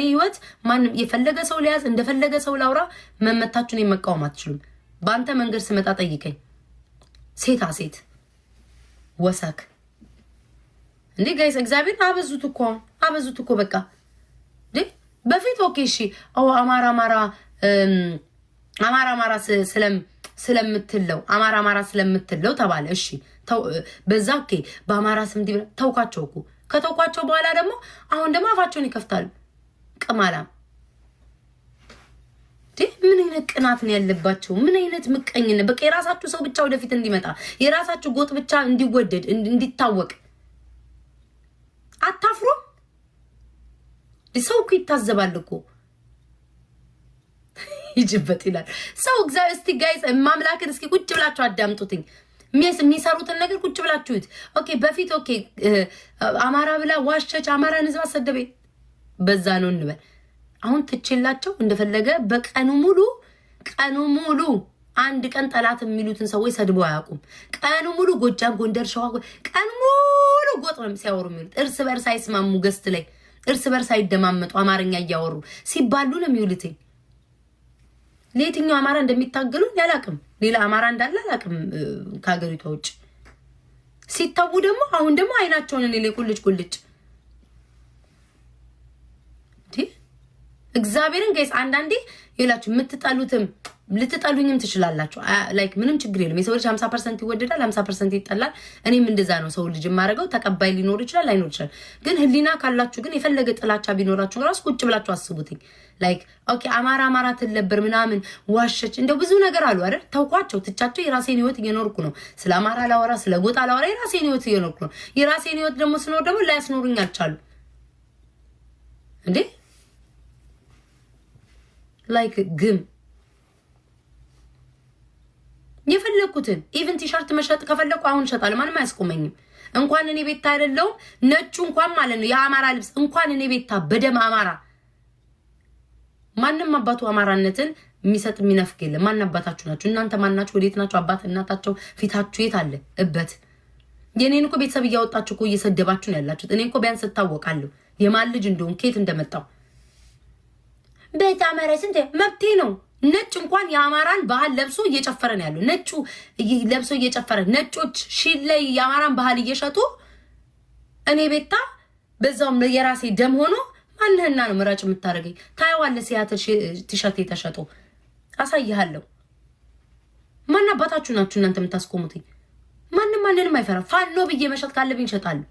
እኔ ህይወት ማንም የፈለገ ሰው ሊያዝ እንደፈለገ ሰው ላውራ፣ መመታችሁን የመቃወም አትችሉም። በአንተ መንገድ ስመጣ ጠይቀኝ። ሴታ ሴት ወሰክ እንዴ ጋይስ፣ እግዚአብሔር አበዙት እኮ አበዙት እኮ በቃ በፊት ኦኬ፣ እሺ፣ አማራ አማራ አማራ አማራ ስለም ስለምትለው አማራ አማራ ስለምትለው ተባለ። እሺ በዛ ኦኬ፣ በአማራ ስም ተውካቸው እኮ ከተውኳቸው በኋላ ደግሞ አሁን ደግሞ አፋቸውን ይከፍታሉ። ቅማላ ምን አይነት ቅናት ነው ያለባቸው? ምን አይነት ምቀኝነት! በቃ የራሳችሁ ሰው ብቻ ወደፊት እንዲመጣ የራሳችሁ ጎጥ ብቻ እንዲወደድ እንዲታወቅ አታፍሩም? ሰው እኮ ይታዘባል እኮ ይጅበት ይላል ሰው። እግዚአብሔር እስቲ ጋይስ ማምላክን እስኪ ቁጭ ብላችሁ አዳምጡትኝ። የሚሰሩትን ነገር ቁጭ ብላችሁት። ኦኬ በፊት ኦኬ አማራ ብላ ዋሸች፣ አማራን ህዝብ አሰደበ በዛ ነው እንበል። አሁን ትቼላቸው እንደፈለገ በቀኑ ሙሉ ቀኑ ሙሉ አንድ ቀን ጠላት የሚሉትን ሰዎች ሰድቦ አያውቁም። ቀኑ ሙሉ ጎጃም፣ ጎንደር፣ ሸዋ ቀኑ ሙሉ ጎጥ ነው ሲያወሩ የሚሉት እርስ በርስ አይስማሙ። ገስት ላይ እርስ በርስ አይደማመጡ። አማርኛ እያወሩ ሲባሉ ነው የሚውልትኝ። ለየትኛው አማራ እንደሚታገሉ ያላቅም ሌላ አማራ እንዳለ አላቅም ከሀገሪቷ ውጭ ሲታቡ ደግሞ አሁን ደግሞ አይናቸውን እኔ ላይ ቁልጭ ቁልጭ እግዚአብሔርን ገይስ አንዳንዴ ይላችሁ የምትጠሉትም ልትጠሉኝም ትችላላችሁ። ላይክ ምንም ችግር የለም። የሰው ልጅ ሀምሳ ፐርሰንት ይወደዳል፣ ሀምሳ ፐርሰንት ይጠላል። እኔም እንደዛ ነው ሰው ልጅ የማደርገው። ተቀባይ ሊኖር ይችላል ላይኖር ይችላል። ግን ህሊና ካላችሁ ግን የፈለገ ጥላቻ ቢኖራችሁ ራሱ ቁጭ ብላችሁ አስቡትኝ። ላይክ ኦኬ አማራ አማራ ትል ነበር ምናምን ዋሸች፣ እንደው ብዙ ነገር አሉ አይደል? ተውኳቸው፣ ትቻቸው የራሴን ህይወት እየኖርኩ ነው። ስለ አማራ ላወራ፣ ስለ ጎጣ ላወራ የራሴን ህይወት እየኖርኩ ነው። የራሴን ህይወት ደግሞ ስኖር ደግሞ ላያስኖሩኝ አልቻሉ እንዴ ላይክ ግም የፈለግኩትን ኢቨን ቲሸርት መሸጥ ከፈለግኩ አሁን እሸጣለሁ። ማንም አያስቆመኝም። እንኳን እኔ ቤታ አይደለውም ነጩ እንኳን ማለት ነው የአማራ ልብስ እንኳን እኔ ቤታ በደም አማራ ማንም አባቱ አማራነትን የሚሰጥ የሚነፍግ የለም። ማን አባታችሁ ናችሁ እናንተ? ማናችሁ? ወዴት ናችሁ? አባት እናታቸው ፊታችሁ የት አለ? እበት የእኔን እኮ ቤተሰብ እያወጣችሁ እኮ እየሰደባችሁ ነው ያላችሁት። እኔ እኮ ቢያንስ እታወቃለሁ የማን ልጅ እንደሆን ኬት እንደመጣው በታመረ ስንት መብቴ ነው። ነጭ እንኳን የአማራን ባህል ለብሶ እየጨፈረ ነው ያሉ ነጩ ለብሶ እየጨፈረ ነጮች ሺል ላይ የአማራን ባህል እየሸጡ እኔ ቤታ በዛውም የራሴ ደም ሆኖ ማንህና ነው ምራጭ የምታደርገኝ? ታየዋለህ። ሲያትል ቲሸርት የተሸጡ አሳይሃለሁ። አባታችሁ ናችሁ እናንተ የምታስቆሙትኝ? ማንም ማንንም አይፈራ። ፋኖ ብዬ መሸጥ ካለብኝ እሸጣለሁ።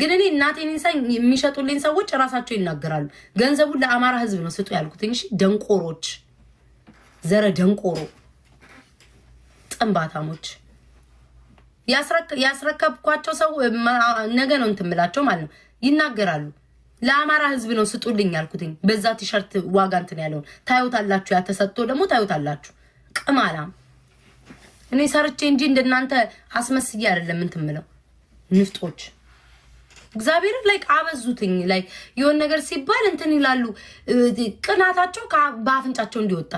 ግን እኔ እናቴን ንሳ የሚሸጡልኝ ሰዎች እራሳቸው ይናገራሉ። ገንዘቡን ለአማራ ህዝብ ነው ስጡ ያልኩት። እሺ ደንቆሮች፣ ዘረ ደንቆሮ ጥንባታሞች ያስረከብኳቸው ሰው ነገ ነው እንትን ምላቸው ማለት ነው። ይናገራሉ። ለአማራ ህዝብ ነው ስጡልኝ ያልኩትኝ በዛ ቲሸርት ዋጋ እንትን ያለውን ታዩታላችሁ። ያተሰጥቶ ደግሞ ታዩታላችሁ። ቅማላም እኔ ሰርቼ እንጂ እንደናንተ አስመስዬ አይደለም እንትን ንፍጦች እግዚአብሔር ላይ አበዙትኝ ላይ የሆን ነገር ሲባል እንትን ይላሉ። ቅናታቸው በአፍንጫቸው እንዲወጣ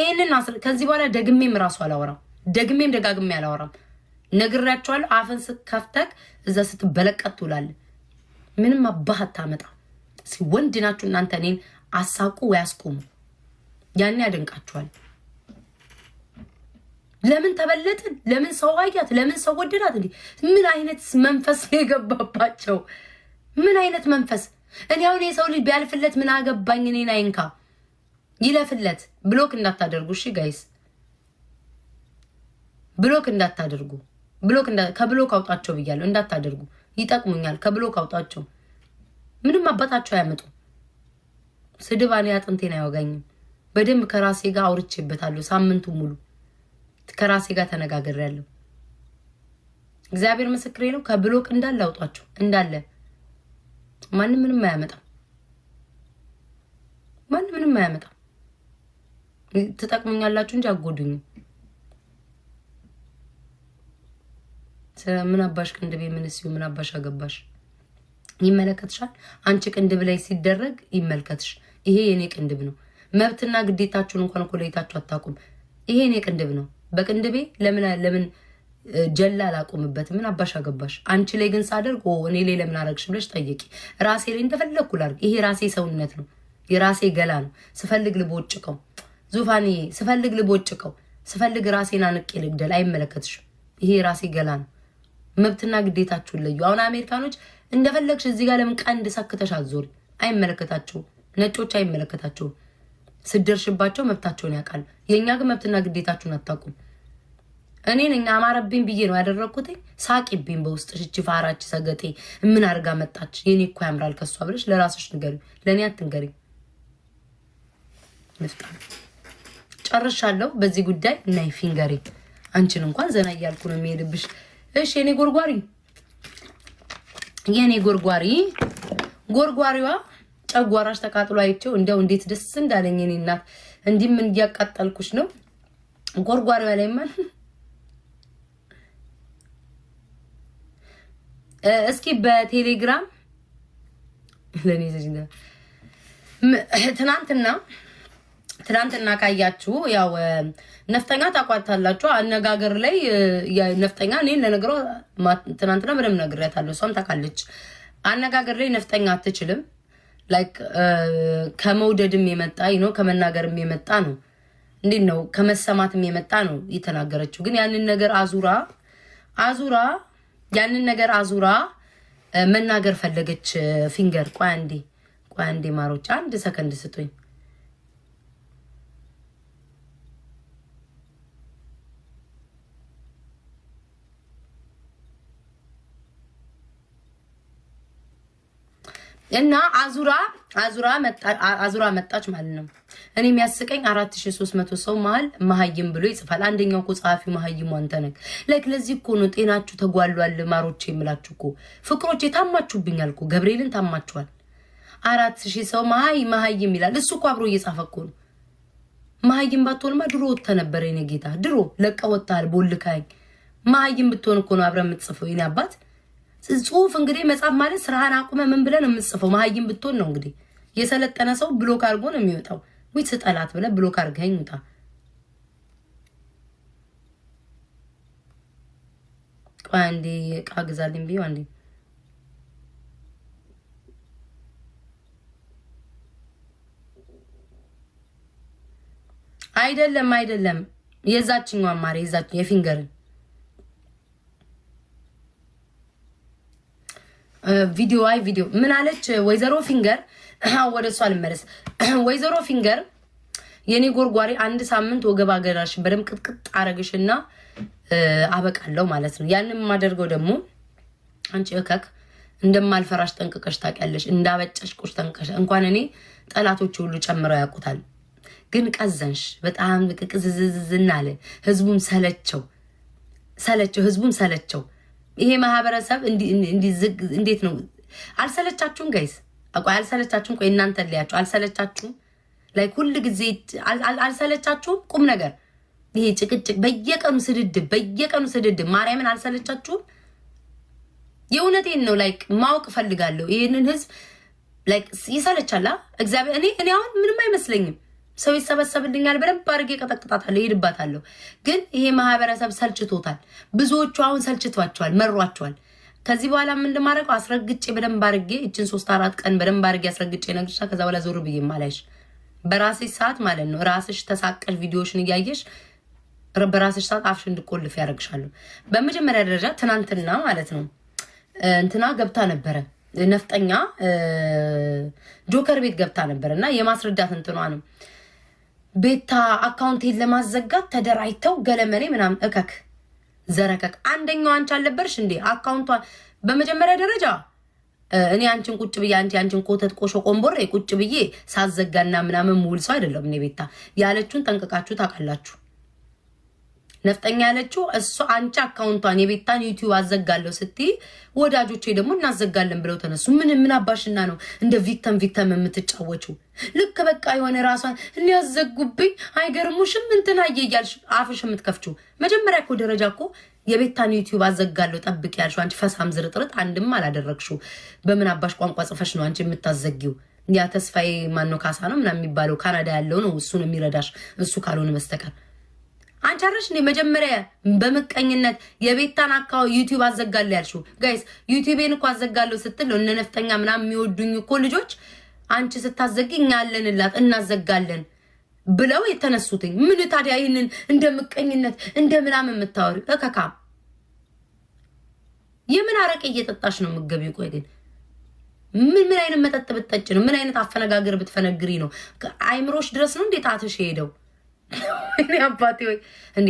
ይህንን ከዚህ በኋላ ደግሜም እራሱ አላወራም። ደግሜም ደጋግሜ አላወራም። ነግሬያቸዋለሁ። አፍን ስከፍተክ እዛ ስትበለቀት ትውላለ ምንም አባህ አታመጣ። ወንድ ናችሁ እናንተ እኔን አሳቁ ወይ አስቆሙ። ያኔ ያደንቃቸዋል ለምን ተበለጥን? ለምን ሰው አያት? ለምን ሰው ወደዳት? እንዴ ምን አይነት መንፈስ የገባባቸው? ምን አይነት መንፈስ እኔ አሁን የሰው ልጅ ቢያልፍለት ምን አገባኝ እኔን አይንካ ይለፍለት። ብሎክ እንዳታደርጉ እሺ ጋይስ፣ ብሎክ እንዳታደርጉ። ብሎክ ከብሎክ አውጣቸው ብያለሁ፣ እንዳታደርጉ። ይጠቅሙኛል፣ ከብሎክ አውጣቸው። ምንም አባታቸው አያመጡ። ስድባኔ እኔ አጥንቴን አይወጋኝም። በደንብ ከራሴ ጋር አውርቼበታለሁ ሳምንቱ ሙሉ ከራሴ ጋር ያለው እግዚአብሔር ምስክሬ ነው። ከብሎክ እንዳለ አውጧቸው እንዳለ። ማንም ምንም አያመጣም። ማንም ምንም አያመጣም። ትጠቅሙኛላችሁ እንጂ አጎዱኝም። ምን አባሽ ቅንድቤ ምን ሲሁ ምን አባሽ አገባሽ? ይመለከትሻል። አንቺ ቅንድብ ላይ ሲደረግ ይመልከትሽ። ይሄ የኔ ቅንድብ ነው። መብትና ግዴታችሁን እንኳን እኮ ለይታችሁ አታውቁም። ይሄ የኔ ቅንድብ ነው። በቅንድቤ ለምን ለምን ጀላ ላቆምበት ምን አባሽ አገባሽ? አንቺ ላይ ግን ሳደርግ እኔ ላይ ለምን አረግሽ ብለሽ ጠየቂ። ራሴ ላይ እንደፈለግኩ ላርግ። ይሄ ራሴ ሰውነት ነው፣ የራሴ ገላ ነው። ስፈልግ ልቦጭቀው፣ ዙፋኔ ስፈልግ ልቦጭቀው፣ ስፈልግ ራሴን አንቄ ልግደል። አይመለከትሽም። ይሄ ራሴ ገላ ነው። መብትና ግዴታችሁን ለዩ። አሁን አሜሪካኖች እንደፈለግሽ እዚህ ጋር ለምን ቀንድ ሰክተሽ አዞሪ? አይመለከታችሁም። ነጮች አይመለከታችሁም። ስደርሽባቸው መብታቸውን ያውቃሉ። የእኛ ግን መብትና ግዴታችሁን አታውቁም። እኔን እኛ አማረብኝ ብዬ ነው ያደረግኩትኝ። ሳቂብኝ በውስጥ ሽቺ ፋራች ሰገጤ ምን አድርጋ መጣች? የኔ እኮ ያምራል ከሷ ብለሽ ለራስሽ ንገሪ፣ ለእኔ አትንገሪ። ጨርሻለሁ በዚህ ጉዳይ። ናይ ፊንገሪ አንቺን እንኳን ዘና እያልኩ ነው የሚሄድብሽ። እሺ የኔ ጎርጓሪ፣ የኔ ጎርጓሪ፣ ጎርጓሪዋ ጨጓራሽ ተቃጥሎ አይቼው እንዲያው እንዴት ደስ እንዳለኝ እኔ እናት፣ እንዲህ እንዲያቃጠልኩሽ ነው ጎርጓር በላይማ እስኪ በቴሌግራም ለኔ ትናንትና ትናንትና ካያችሁ ያው ነፍጠኛ ታቋታላችሁ። አነጋገር ላይ ነፍጠኛ እኔ ለነገሮ ትናንትና በደምብ ነግሬያታለሁ፣ እሷም ታውቃለች። አነጋገር ላይ ነፍጠኛ አትችልም ላይክ uh, ከመውደድም የመጣ ነው፣ ከመናገርም የመጣ ነው። እንዴት ነው ከመሰማትም የመጣ ነው የተናገረችው። ግን ያንን ነገር አዙራ አዙራ ያንን ነገር አዙራ uh, መናገር ፈለገች። ፊንገር uh, ቆይ አንዴ ቆይ አንዴ ማሮች አንድ ሰከንድ ስጡኝ። እና አዙራ አዙራ አዙራ መጣች ማለት ነው። እኔ የሚያስቀኝ 4300 ሰው መሀል መሀይም ብሎ ይጽፋል። አንደኛው እኮ ጸሐፊው መሀይሙ አንተ ነህ። ላይክ ለዚህ እኮ ነው ጤናችሁ ተጓሏል ማሮቼ የምላችሁ እኮ ፍቅሮቼ። ታማችሁብኛል እኮ ገብርኤልን ታማችኋል። አራት ሺህ ሰው መሀይ መሀይም ይላል። እሱ እኮ አብሮ እየጻፈ እኮ ነው። መሀይም ባትሆንማ ድሮ ወጥተህ ነበር የኔ ጌታ። ድሮ ለቀህ ወጥተሃል ቦልካኝ። መሀይም ብትሆን እኮ ነው አብረን የምትጽፈው የኔ አባት ጽሁፍ እንግዲህ መጽሐፍ ማለት ስራህን አቁመ ምን ብለን የምጽፈው መሀይም ብትሆን ነው እንግዲህ የሰለጠነ ሰው ብሎክ አድርጎ ነው የሚወጣው። ዊት ስጠላት ብለ ብሎክ አድርገኝ ውጣ። አንዴ እቃ ግዛልኝ ብዬ አንዴ አይደለም አይደለም፣ የዛችኛው አማሪ የዛችኛው የፊንገርን ቪዲዮ አይ ቪዲዮ ምን አለች ወይዘሮ ፊንገር? ወደ እሷ ልመለስ። ወይዘሮ ፊንገር የኔ ጎርጓሪ አንድ ሳምንት ወገብ አገራሽ በደም ቅጥቅጥ አረግሽና አበቃለሁ ማለት ነው። ያንን የማደርገው ደግሞ አንቺ እከክ እንደማልፈራሽ ጠንቅቀሽ ታውቂያለሽ። እንዳበጨሽ ቁሽ ጠንቅቀሽ እንኳን እኔ ጠላቶች ሁሉ ጨምረው ያውቁታል። ግን ቀዘንሽ በጣም ቅቅዝዝዝዝና አለ። ህዝቡም ሰለቸው ሰለቸው፣ ህዝቡም ሰለቸው። ይሄ ማህበረሰብ እንዴት ነው? አልሰለቻችሁም ጋይስ? ቆይ አልሰለቻችሁም? ቆይ እናንተ ለያችሁ አልሰለቻችሁም? ላይ ሁል ጊዜ አልሰለቻችሁም? ቁም ነገር ይሄ ጭቅጭቅ፣ በየቀኑ ስድድብ፣ በየቀኑ ስድድብ፣ ማርያምን አልሰለቻችሁም? የእውነቴን ነው። ላይክ ማወቅ እፈልጋለሁ ይህንን ህዝብ ይሰለቻላ። እግዚአብሔር እኔ እኔ አሁን ምንም አይመስለኝም ሰው ይሰበሰብልኛል፣ በደንብ አድርጌ ቀጠቅጣታለሁ፣ ይሄድባታለሁ። ግን ይሄ ማህበረሰብ ሰልችቶታል። ብዙዎቹ አሁን ሰልችቷቸዋል፣ መሯቸዋል። ከዚህ በኋላ ምን እንደማደርገው አስረግጬ በደንብ አድርጌ እችን ሶስት አራት ቀን በደንብ አድርጌ አስረግጬ ነግሻ ከዛ በኋላ ዞር ብዬ ማላይሽ በራስሽ ሰዓት ማለት ነው። ራስሽ ተሳቀሽ ቪዲዮሽን እያየሽ በራስሽ ሰዓት አፍሽ እንድቆልፍ ያደርግሻለሁ። በመጀመሪያ ደረጃ ትናንትና ማለት ነው እንትና ገብታ ነበረ ነፍጠኛ ጆከር ቤት ገብታ ነበር እና የማስረዳት እንትኗ ነው ቤታ አካውንቴን ለማዘጋት ተደራጅተው ገለመሌ ምናምን እከክ ዘረከክ። አንደኛው አንቺ አልነበርሽ እንዴ አካውንቷን? በመጀመሪያ ደረጃ እኔ አንቺን ቁጭ ብዬ አንቺ አንቺን ኮተት ቆሾ ቆንቦሬ ቁጭ ብዬ ሳዘጋና ምናምን ምውል ሰው አይደለም። እኔ ቤታ ያለችውን ጠንቅቃችሁ ታውቃላችሁ። ነፍጠኛ ያለችው እሱ አንቺ አካውንቷን የቤታን ዩቲዩብ አዘጋለሁ ስትይ ወዳጆቼ ደግሞ እናዘጋለን ብለው ተነሱ። ምን ምን አባሽና ነው እንደ ቪክተም ቪክተም የምትጫወችው? ልክ በቃ የሆነ ራሷን እንዲያዘጉብኝ አይገርሙሽም? እንትን አየ እያልሽ አፍሽ የምትከፍችው መጀመሪያ እኮ ደረጃ እኮ የቤታን ዩቲዩብ አዘጋለሁ ጠብቅ ያልሽው አንቺ ፈሳም ዝርጥርጥ አንድም አላደረግሽው። በምን አባሽ ቋንቋ ጽፈሽ ነው አንቺ የምታዘጊው? ያ ተስፋዬ ማነው ካሳ ነው ምናምን የሚባለው ካናዳ ያለው ነው እሱን የሚረዳሽ እሱ ካልሆነ በስተቀር አንቺ አረሽ እንዴ መጀመሪያ በምቀኝነት የቤታን አካባቢ ዩቲዩብ አዘጋለሁ ያልሽው? ጋይስ ዩቲዩቤን እኮ አዘጋለሁ ስትል እነ ነፍጠኛ ምናምን የሚወዱኝ እኮ ልጆች አንቺ ስታዘጊ እኛ አለንላት እናዘጋለን ብለው የተነሱትኝ። ምን ታዲያ ይህንን እንደ ምቀኝነት እንደ ምናምን የምታወሪ እከካ የምን አረቄ እየጠጣሽ ነው የምትገቢው? ቆይ ግን ምን ምን አይነት መጠጥ ብትጠጪ ነው? ምን አይነት አፈነጋገር ብትፈነግሪ ነው? አይምሮሽ ድረስ ነው እንዴት አትሽ ሄደው እኔ አባቴ ወይ እንዴ!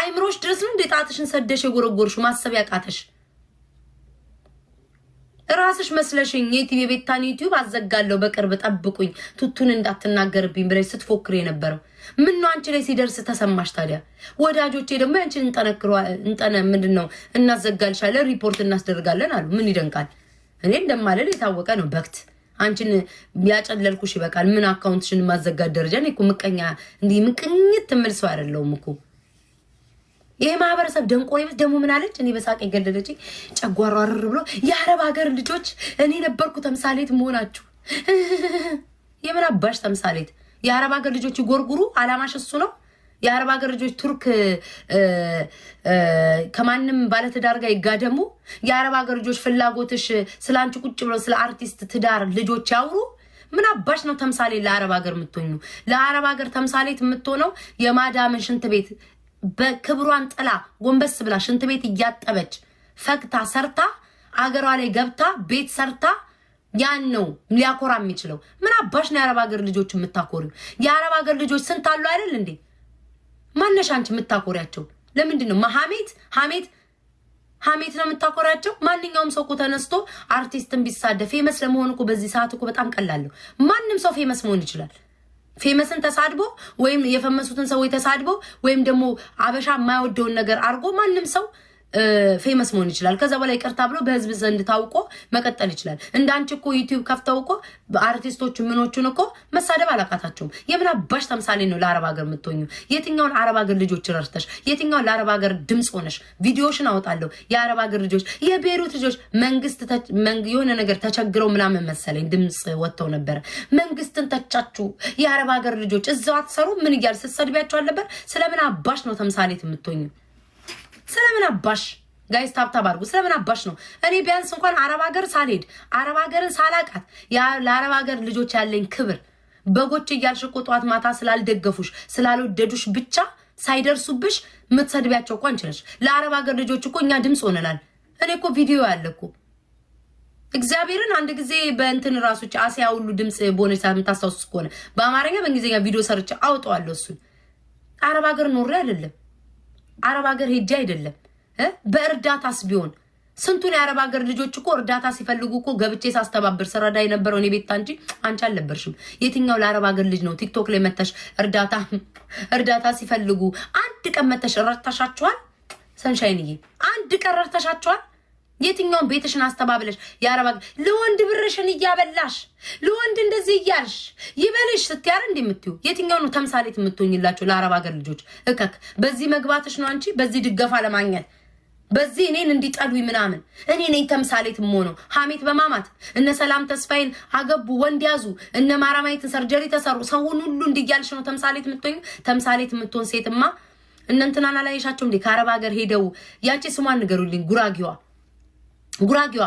አይምሮሽ ድረስ ነው እንዴ ጣትሽን ሰደሽ የጎረጎርሽ ማሰብ ያቃተሽ ራስሽ መስለሽኝ። የቲቪ ቤታን ዩቲዩብ አዘጋለሁ በቅርብ ጠብቁኝ፣ ቱቱን እንዳትናገርብኝ ብለሽ ስትፎክር የነበረው ምን ነው አንቺ ላይ ሲደርስ ተሰማሽ? ታዲያ ወዳጆቼ ደግሞ ያንቺን እንጠነክሮ እንጠነ ምንድን ነው እናዘጋልሻለን፣ ሪፖርት እናስደርጋለን አሉ። ምን ይደንቃል? እኔ እንደማለል የታወቀ ነው በክት አንቺን ያጨለልኩሽ ይበቃል። ምን አካውንትሽን ማዘጋት ደረጃ እኔ እኮ ምቀኛ እንዲህ ምቅኝት ትምል ሰው እኮ ይሄ ማህበረሰብ ደንቆሬ። ደግሞ ምን አለች? እኔ በሳቅ የገደለች ጨጓራ ርር ብሎ የአረብ ሀገር ልጆች እኔ ነበርኩ ተምሳሌት መሆናችሁ። የምን አባሽ ተምሳሌት? የአረብ ሀገር ልጆች ይጎርጉሩ። አላማሽ እሱ ነው። የአረብ ሀገር ልጆች ቱርክ ከማንም ባለትዳር ጋር ይጋደሙ። የአረብ ሀገር ልጆች ፍላጎትሽ ስለ አንቺ ቁጭ ብለው ስለ አርቲስት ትዳር ልጆች ያውሩ። ምን አባሽ ነው ተምሳሌ ለአረብ ሀገር የምትሆኙ? ለአረብ ሀገር ተምሳሌት የምትሆነው የማዳምን ሽንት ቤት በክብሯን ጥላ ጎንበስ ብላ ሽንት ቤት እያጠበች ፈግታ ሰርታ አገሯ ላይ ገብታ ቤት ሰርታ ያን ነው ሊያኮራ የሚችለው። ምን አባሽ ነው የአረብ ሀገር ልጆች የምታኮሪው? የአረብ ሀገር ልጆች ስንት አሉ አይደል እንዴ? ማነሽ አንቺ የምታኮሪያቸው? ለምንድን ነው ሀሜት ሀሜት ሀሜት ነው የምታኮሪያቸው? ማንኛውም ሰው እኮ ተነስቶ አርቲስትን ቢሳደብ ፌመስ ለመሆን እኮ በዚህ ሰዓት እኮ በጣም ቀላል ማንም ሰው ፌመስ መሆን ይችላል። ፌመስን ተሳድቦ ወይም የፈመሱትን ሰዎች ተሳድቦ ወይም ደግሞ አበሻ የማይወደውን ነገር አድርጎ ማንም ሰው ፌመስ መሆን ይችላል። ከዛ በላይ ይቅርታ ብሎ በህዝብ ዘንድ ታውቆ መቀጠል ይችላል። እንዳንቺ እኮ ዩቲዩብ ከፍተው እኮ አርቲስቶቹ ምኖቹን እኮ መሳደብ አላቃታቸውም። የምን አባሽ ተምሳሌ ነው ለአረብ ሀገር የምትሆኙ? የትኛውን አረብ ሀገር ልጆች ረርተሽ፣ የትኛውን ለአረብ ሀገር ድምፅ ሆነሽ? ቪዲዮሽን አወጣለሁ። የአረብ ሀገር ልጆች፣ የቤሩት ልጆች መንግስት የሆነ ነገር ተቸግረው ምናምን መሰለኝ ድምፅ ወጥተው ነበረ። መንግስትን ተቻችሁ የአረብ ሀገር ልጆች እዛው አትሰሩ ምን እያል ስትሰድቢያቸው አልነበር? ስለምን አባሽ ነው ተምሳሌት የምትሆኙ? ስለምን አባሽ ጋይስ ታብታብ አድርጉ። ስለምን አባሽ ነው? እኔ ቢያንስ እንኳን አረብ ሀገር ሳልሄድ አረብ ሀገርን ሳላቃት ለአረብ ሀገር ልጆች ያለኝ ክብር በጎች እያልሽ እኮ ጠዋት ማታ ስላልደገፉሽ ስላልወደዱሽ ብቻ ሳይደርሱብሽ ምትሰድቢያቸው እኮ አንቺ ለአረብ ሀገር ልጆች እኮ እኛ ድምፅ ሆነናል። እኔ እኮ ቪዲዮ ያለ እኮ እግዚአብሔርን አንድ ጊዜ በእንትን ራሶች አሲያ ሁሉ ድምፅ በሆነች ሰዓት የምታስታውሱ ከሆነ በአማርኛ በእንግሊዝኛ ቪዲዮ ሰርቼ አውጠዋለሁ። እሱን አረብ ሀገር ኖሬ አይደለም አረብ ሀገር ሄጄ አይደለም በእርዳታስ ቢሆን ስንቱን የአረብ ሀገር ልጆች እኮ እርዳታ ሲፈልጉ እኮ ገብቼ ሳስተባብር ስረዳ የነበረው እኔ ቤታ እንጂ አንቺ አልነበርሽም። የትኛው ለአረብ ሀገር ልጅ ነው ቲክቶክ ላይ መተሽ እርዳታ እርዳታ ሲፈልጉ አንድ ቀን መተሽ ረድተሻቸዋል? ሰንሻይንዬ አንድ ቀን ረድተሻቸዋል? የትኛውን ቤትሽን አስተባብለሽ የአረባ ለወንድ ብርሽን እያበላሽ ለወንድ እንደዚህ እያልሽ ይበልሽ ስትያር እንዲ የምትዩ የትኛው ነው ተምሳሌት የምትሆኝላቸው ለአረብ ሀገር ልጆች? እከክ በዚህ መግባትሽ ነው አንቺ በዚህ ድገፋ ለማግኘት በዚህ እኔን እንዲጠሉኝ ምናምን እኔ ነኝ ተምሳሌት የምሆነው። ሀሜት በማማት እነ ሰላም ተስፋዬን አገቡ፣ ወንድ ያዙ፣ እነ ማራማዊትን ሰርጀሪ ተሰሩ፣ ሰውን ሁሉ እንዲያልሽ ነው ተምሳሌት የምትሆኝ። ተምሳሌት የምትሆን ሴትማ እነ እንትናን አላየሻቸው እንዴ? ከአረብ ሀገር ሄደው ያቺ ስሟን ንገሩልኝ ጉራጌዋ ጉራጌዋ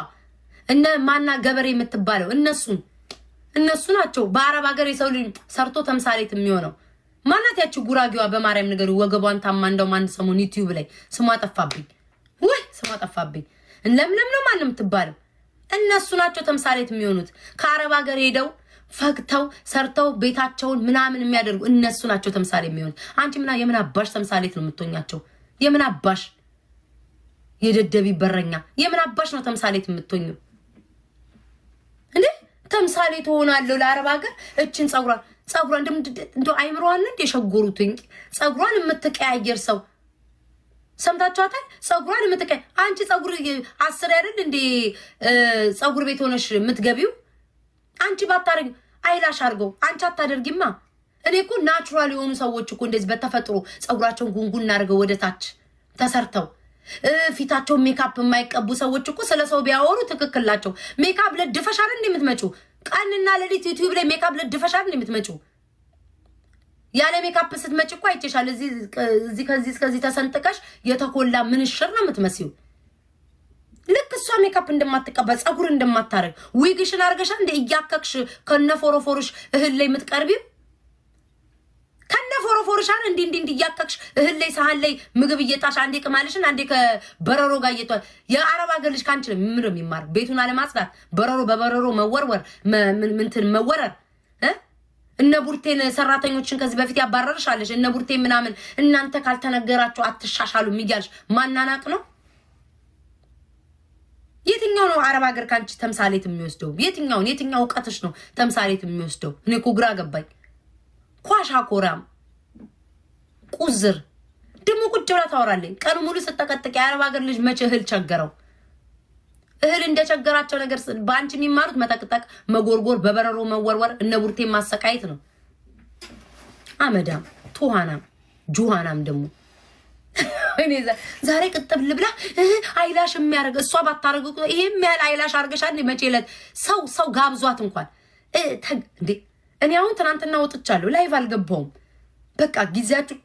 እነ ማና ገበሬ የምትባለው እነሱ እነሱ ናቸው በአረብ ሀገር የሰው ልጅ ሰርቶ ተምሳሌት የሚሆነው። ማናት ያቺ ጉራጌዋ? በማርያም ነገር ወገቧን ታማ እንደውም አንድ ሰሞን ዩቲዩብ ላይ ስሟ ጠፋብኝ፣ ወይ ስሟ ጠፋብኝ። ለምለም ነው ማን የምትባለው? እነሱ ናቸው ተምሳሌት የሚሆኑት። ከአረብ ሀገር ሄደው ፈግተው ሰርተው ቤታቸውን ምናምን የሚያደርጉ እነሱ ናቸው ተምሳሌ የሚሆኑት። አንቺ ምና የምን አባሽ ተምሳሌት ነው የምትሆኛቸው? የምን አባሽ የደደቢ በረኛ የምን አባሽ ነው ተምሳሌት የምትኙ እንዴ? ተምሳሌት ትሆናለሁ ለአረብ ሀገር። እችን ጸጉሯ ጸጉሯ እንደ አይምሮዋን እንደ የሸጎሩትኝ ጸጉሯን የምትቀያየር ሰው ሰምታችኋታል። ጸጉሯን የምትቀ አንቺ ጸጉር አስር አይደል እንዴ ጸጉር ቤት ሆነሽ የምትገቢው አንቺ ባታደርጊ አይላሽ አድርገው አንቺ አታደርጊማ። እኔ እኮ ናቹራል የሆኑ ሰዎች እኮ እንደዚህ በተፈጥሮ ጸጉራቸውን ጉንጉን አድርገው ወደ ታች ተሰርተው ፊታቸው ሜካፕ የማይቀቡ ሰዎች እኮ ስለ ሰው ቢያወሩ ትክክላቸው። ሜካፕ ለድፈሻል እንደ የምትመጪው ቀንና ሌሊት ዩቲዩብ ላይ ሜካፕ ለድፈሻል እንደ የምትመጪው ያለ ሜካፕ ስትመጪ እኮ አይቼሻል። እዚህ ከዚህ እስከዚህ ተሰንጥቀሽ የተኮላ ምንሽር ነው የምትመስዩ። ልክ እሷ ሜካፕ እንደማትቀባ ፀጉር እንደማታረግ ዊግሽን አርገሻ እንደ እያከክሽ ከነፎሮፎሮሽ እህል ላይ የምትቀርቢው ይኖርሻል እንዲ እንዲ እንዲ እያከክሽ እህል ላይ ሳህን ላይ ምግብ እየጣሽ አንዴ ቅማልሽን አንዴ ከበረሮ ጋር እየጠ የአረብ ሀገር ልጅ ከአንቺ ምንም የሚማር ቤቱን አለማጽዳት በረሮ በበረሮ መወርወር ምንትን መወረር እነ ቡርቴን ሰራተኞችን ከዚህ በፊት ያባረርሻለሽ። እነ ቡርቴ ምናምን እናንተ ካልተነገራችሁ አትሻሻሉ እያልሽ ማናናቅ ነው። የትኛው ነው አረብ ሀገር ከአንቺ ተምሳሌት የሚወስደው? የትኛውን የትኛው እውቀትሽ ነው ተምሳሌት የሚወስደው? እኔ እኮ ግራ ገባኝ። ኳሻ ኮራም ቁዝር ደግሞ ቁጭ ብላ ታወራለኝ። ቀኑ ሙሉ ስጠቀጥቅ የአረብ ሀገር ልጅ መቼ እህል ቸገረው? እህል እንደቸገራቸው ነገር በአንቺ የሚማሩት መጠቅጠቅ፣ መጎርጎር፣ በበረሮ መወርወር፣ እነ ቡርቴ ማሰቃየት ነው። አመዳም ቱሃናም ጁሃናም ደግሞ ዛሬ ቅጥብ ልብላ አይላሽ የሚያደርግ እሷ ባታደርግ ይሄ ያህል አይላሽ አድርገሻል። መቼ ዕለት ሰው ሰው ጋብዟት እንኳን እንዴ እኔ አሁን ትናንትና ወጥቻለሁ። ላይቭ አልገባውም። በቃ ጊዜያችሁ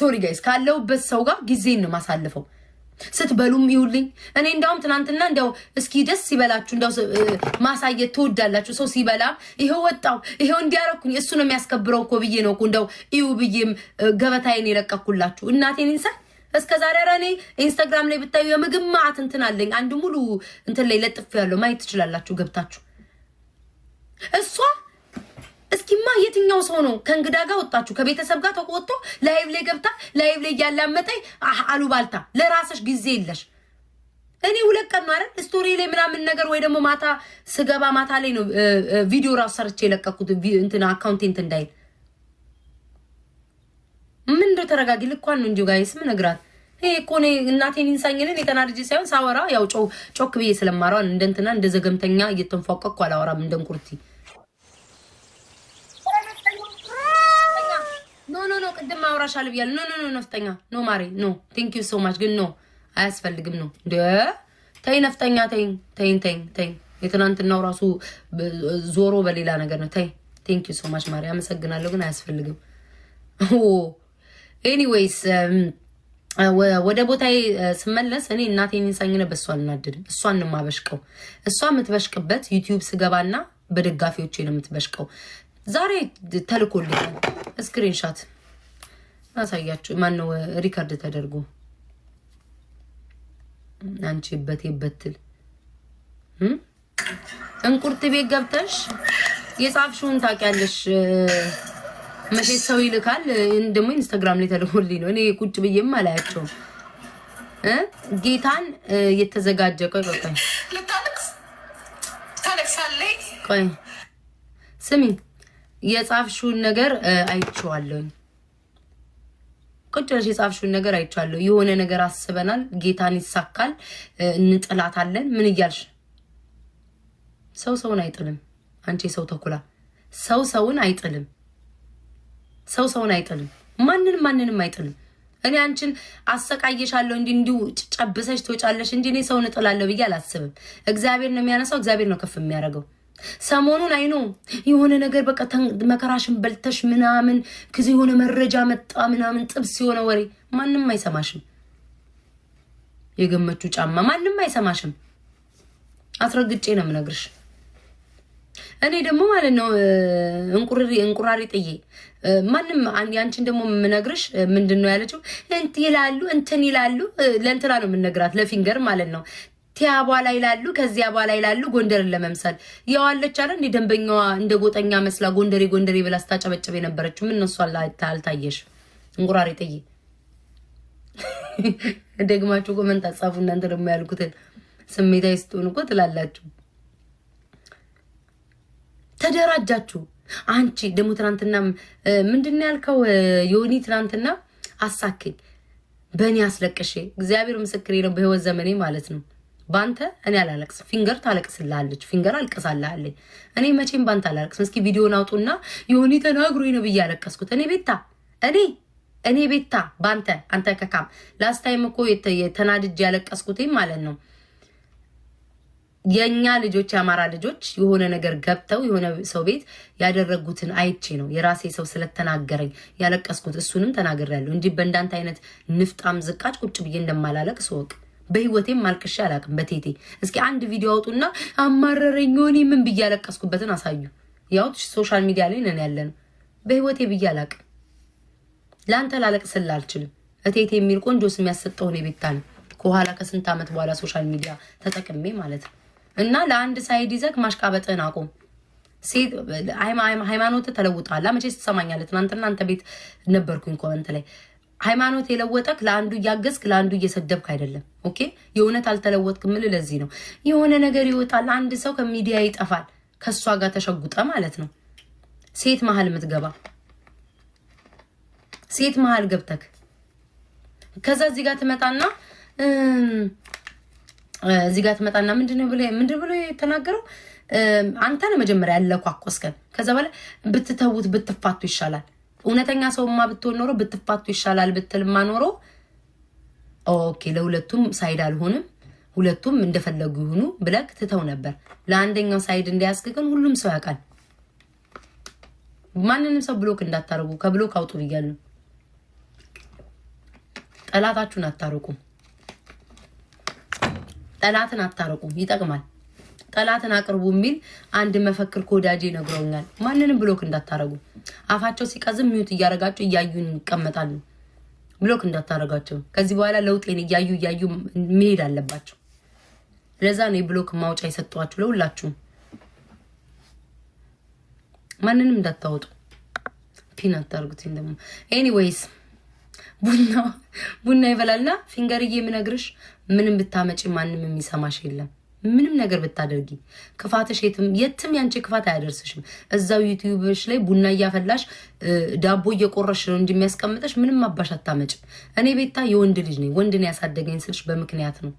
ሶሪ ጋይስ ካለውበት ሰው ጋር ጊዜን ነው ማሳልፈው። ስትበሉም ይውልኝ። እኔ እንዲያውም ትናንትና እንዲያው እስኪ ደስ ይበላችሁ እንዲያው ማሳየት ትወዳላችሁ። ሰው ሲበላ ይሄው ወጣው ይሄው እንዲያረኩኝ እሱ ነው የሚያስከብረው እኮ ብዬ ነው እኮ እንዲያው እዩ ብዬም ገበታዬን የለቀኩላችሁ እናቴን ይንሳ እስከ ዛሬ ኧረ እኔ ኢንስታግራም ላይ ብታዩ የምግብ ማዕት እንትን አለኝ። አንድ ሙሉ እንትን ላይ ለጥፍ ያለው ማየት ትችላላችሁ ገብታችሁ እሷ እስኪማ የትኛው ሰው ነው ከእንግዳ ጋር ወጣችሁ ከቤተሰብ ጋር ተቆጥቶ ላይብ ላይ ገብታ ላይብ ላይ እያላመጠኝ አሉባልታ፣ ለራስሽ ጊዜ የለሽ። እኔ ሁለት ቀን ማለት ስቶሪ ላይ ምናምን ነገር ወይ ደግሞ ማታ ስገባ ማታ ላይ ነው ቪዲዮ ራሱ ሰርቼ የለቀኩት እንትን አካውንቴንት እንዳይል ምን እንደው ተረጋጊ። ልኳን ነው እንጂ ጋይስ ምን እግራት ይሄ እኮ እኔ እናቴን ይንሳኝልን የተናድጄ ሳይሆን ሳወራ ያው ጮክ ብዬ ስለማወራ እንደንትና እንትና እንደ ዘገምተኛ እየተንፏቀኩ አላወራም እንደንቁርቲ ቅድም አውራሻለሁ ብያለሁ። ኖ ኖ ኖ ነፍጠኛ ኖ ማሬ ኖ ቴንክ ዩ ሶ ማች ግን ኖ አያስፈልግም። ነው እንደ ተይ ነፍጠኛ ተይ ተይ ተይ ተይ። የትናንትናው ራሱ ዞሮ በሌላ ነገር ነው። ተይ ቴንክ ዩ ሶ ማች ማሬ አመሰግናለሁ፣ ግን አያስፈልግም። ኤኒዌይስ ወደ ቦታዬ ስመለስ እኔ እናቴን ንሳኝነ በእሷ አልናድድም። እሷን የማበሽቀው እሷ የምትበሽቅበት ዩቲዩብ ስገባና በደጋፊዎቼ ነው የምትበሽቀው። ዛሬ ተልኮልኛል ስክሪንሻት አሳያችሁ። ማን ነው ሪከርድ ተደርጎ አንቺ በት በትል እንቁርት ቤት ገብተሽ የጻፍሽውን ታውቂያለሽ። መቼ ሰው ይልካል። ደግሞ ኢንስታግራም ላይ ተልኮልኝ ነው። እኔ ቁጭ ብዬም አላያቸውም። ጌታን የተዘጋጀ ቆይ ቆይ ቆይ ስሚ፣ የጻፍሽውን ነገር አይቼዋለሁኝ ቁጭ ብለሽ የጻፍሽውን ነገር አይቻለሁ። የሆነ ነገር አስበናል፣ ጌታን ይሳካል፣ እንጥላታለን። ምን እያልሽ ሰው ሰውን አይጥልም። አንቺ የሰው ተኩላ፣ ሰው ሰውን አይጥልም። ሰው ሰውን አይጥልም። ማንንም ማንንም አይጥልም። እኔ አንቺን አሰቃየሻለሁ እንዲ እንዲሁ ጨብሰሽ ትወጫለሽ እንጂ እኔ ሰውን እጥላለሁ ብዬ አላስብም። እግዚአብሔር ነው የሚያነሳው፣ እግዚአብሔር ነው ከፍ የሚያደርገው። ሰሞኑን አይኖ የሆነ ነገር በቃ መከራሽን በልተሽ ምናምን ከዚ የሆነ መረጃ መጣ ምናምን ጥብስ የሆነ ወሬ ማንም አይሰማሽም። የገመቹ ጫማ ማንም አይሰማሽም። አስረግጬ ነው የምነግርሽ። እኔ ደግሞ ማለት ነው እንቁራሪ ጥዬ ማንም ያንቺን ደግሞ የምነግርሽ ምንድን ነው ያለችው? እንት ይላሉ እንትን ይላሉ ለእንትና ነው የምነግራት ለፊንገር ማለት ነው ቲያ በኋላ ይላሉ፣ ከዚያ በኋላ ይላሉ። ጎንደርን ለመምሰል የዋለች አለ እንደ ደንበኛዋ እንደ ጎጠኛ መስላ ጎንደሬ ጎንደሬ ብላ ስታጨበጭብ የነበረችው ምን እነሱ አልታየሽ? እንቁራሪ ጥይ ደግማችሁ ኮመንት አጻፉ። እናንተ ደግሞ ያልኩትን ስሜታዊ ስትሆን እኮ ትላላችሁ። ተደራጃችሁ። አንቺ ደግሞ ትናንትና ምንድን ያልከው ዮኒ? ትናንትና አሳክኝ በእኔ አስለቅሼ እግዚአብሔር ምስክሬ ነው በህይወት ዘመኔ ማለት ነው ባንተ እኔ አላለቅስ። ፊንገር ታለቅስላለች፣ ፊንገር አልቅሳላለች። እኔ መቼም ባንተ አላለቅስም። እስኪ ቪዲዮን አውጡና የሆነ ተናግሮ ነው ብዬ ያለቀስኩት እኔ ቤታ እኔ እኔ ቤታ ባንተ አንተ ከካም ላስታይም እኮ የተናድጅ ያለቀስኩትም ማለት ነው። የእኛ ልጆች የአማራ ልጆች የሆነ ነገር ገብተው የሆነ ሰው ቤት ያደረጉትን አይቼ ነው የራሴ ሰው ስለተናገረኝ ያለቀስኩት። እሱንም ተናግሬያለሁ እንጂ በእንዳንተ አይነት ንፍጣም ዝቃጭ ቁጭ ብዬ እንደማላለቅ እወቅ። በህይወቴም ማልቅሻ አላቅም። በቴቴ እስኪ አንድ ቪዲዮ አውጡና አማረረኝ ሆኔ ምን ብዬ ያለቀስኩበትን አሳዩ። ያው ሶሻል ሚዲያ ላይ ነን ያለን። በህይወቴ ብዬ አላቅም። ለአንተ ላለቅስልህ አልችልም። እቴቴ የሚል ቆንጆ ስም ያሰጠው እኔ ቤታ ነው። ከኋላ ከስንት ዓመት በኋላ ሶሻል ሚዲያ ተጠቅሜ ማለት ነው። እና ለአንድ ሳይድ ይዘህ ማሽቃበጥህን አቁም። ሃይማኖት ተለውጣላ። መቼ ትሰማኛለህ? ትናንትና አንተ ቤት ነበርኩኝ ኮመንት ላይ ሃይማኖት የለወጠክ ለአንዱ እያገዝክ ለአንዱ እየሰደብክ አይደለም። ኦኬ የእውነት አልተለወጥክ ምል ለዚህ ነው የሆነ ነገር ይወጣል። አንድ ሰው ከሚዲያ ይጠፋል፣ ከእሷ ጋር ተሸጉጠ ማለት ነው። ሴት መሀል የምትገባ ሴት መሀል ገብተክ ከዛ እዚህ ጋር ትመጣና እዚህ ጋር ትመጣና ምንድን ብሎ የተናገረው አንተ ነው መጀመሪያ ያለኳቆስከን። ከዛ በኋላ ብትተዉት ብትፋቱ ይሻላል። እውነተኛ ሰውማ ብትሆን ኖሮ ብትፋቱ ይሻላል ብትልማ ኖሮ ኦኬ፣ ለሁለቱም ሳይድ አልሆንም፣ ሁለቱም እንደፈለጉ ይሁኑ ብለክ ትተው ነበር። ለአንደኛው ሳይድ እንዳያስክ ግን ሁሉም ሰው ያውቃል። ማንንም ሰው ብሎክ እንዳታርጉ፣ ከብሎክ አውጡ ብያለሁ። ጠላታችሁን አታርቁ፣ ጠላትን አታርቁ። ይጠቅማል። ጠላትን አቅርቡ የሚል አንድ መፈክር ከወዳጄ ነግረውኛል። ማንንም ብሎክ እንዳታረጉ፣ አፋቸው ሲቀዝም ሚዩት እያረጋቸው እያዩን ይቀመጣሉ። ብሎክ እንዳታረጋቸው። ከዚህ በኋላ ለውጤን እያዩ እያዩ መሄድ አለባቸው። ለዛ ነው የብሎክ ማውጫ የሰጠኋችሁ ለሁላችሁም። ማንንም እንዳታወጡ፣ ፒን አታርጉት። ደግሞ ኤኒዌይስ ቡና ቡና ይበላልና ፊንገርዬ፣ የምነግርሽ ምንም ብታመጪ ማንም የሚሰማሽ የለም። ምንም ነገር ብታደርጊ ክፋትሽ የትም የትም ያንቺ ክፋት አያደርስሽም። እዛው ዩቲዩብሽ ላይ ቡና እያፈላሽ ዳቦ እየቆረሽ ነው እንጂ የሚያስቀምጠሽ ምንም አባሽ አታመጭም። እኔ ቤታ የወንድ ልጅ ነኝ። ወንድን ያሳደገኝ ስልሽ በምክንያት ነው።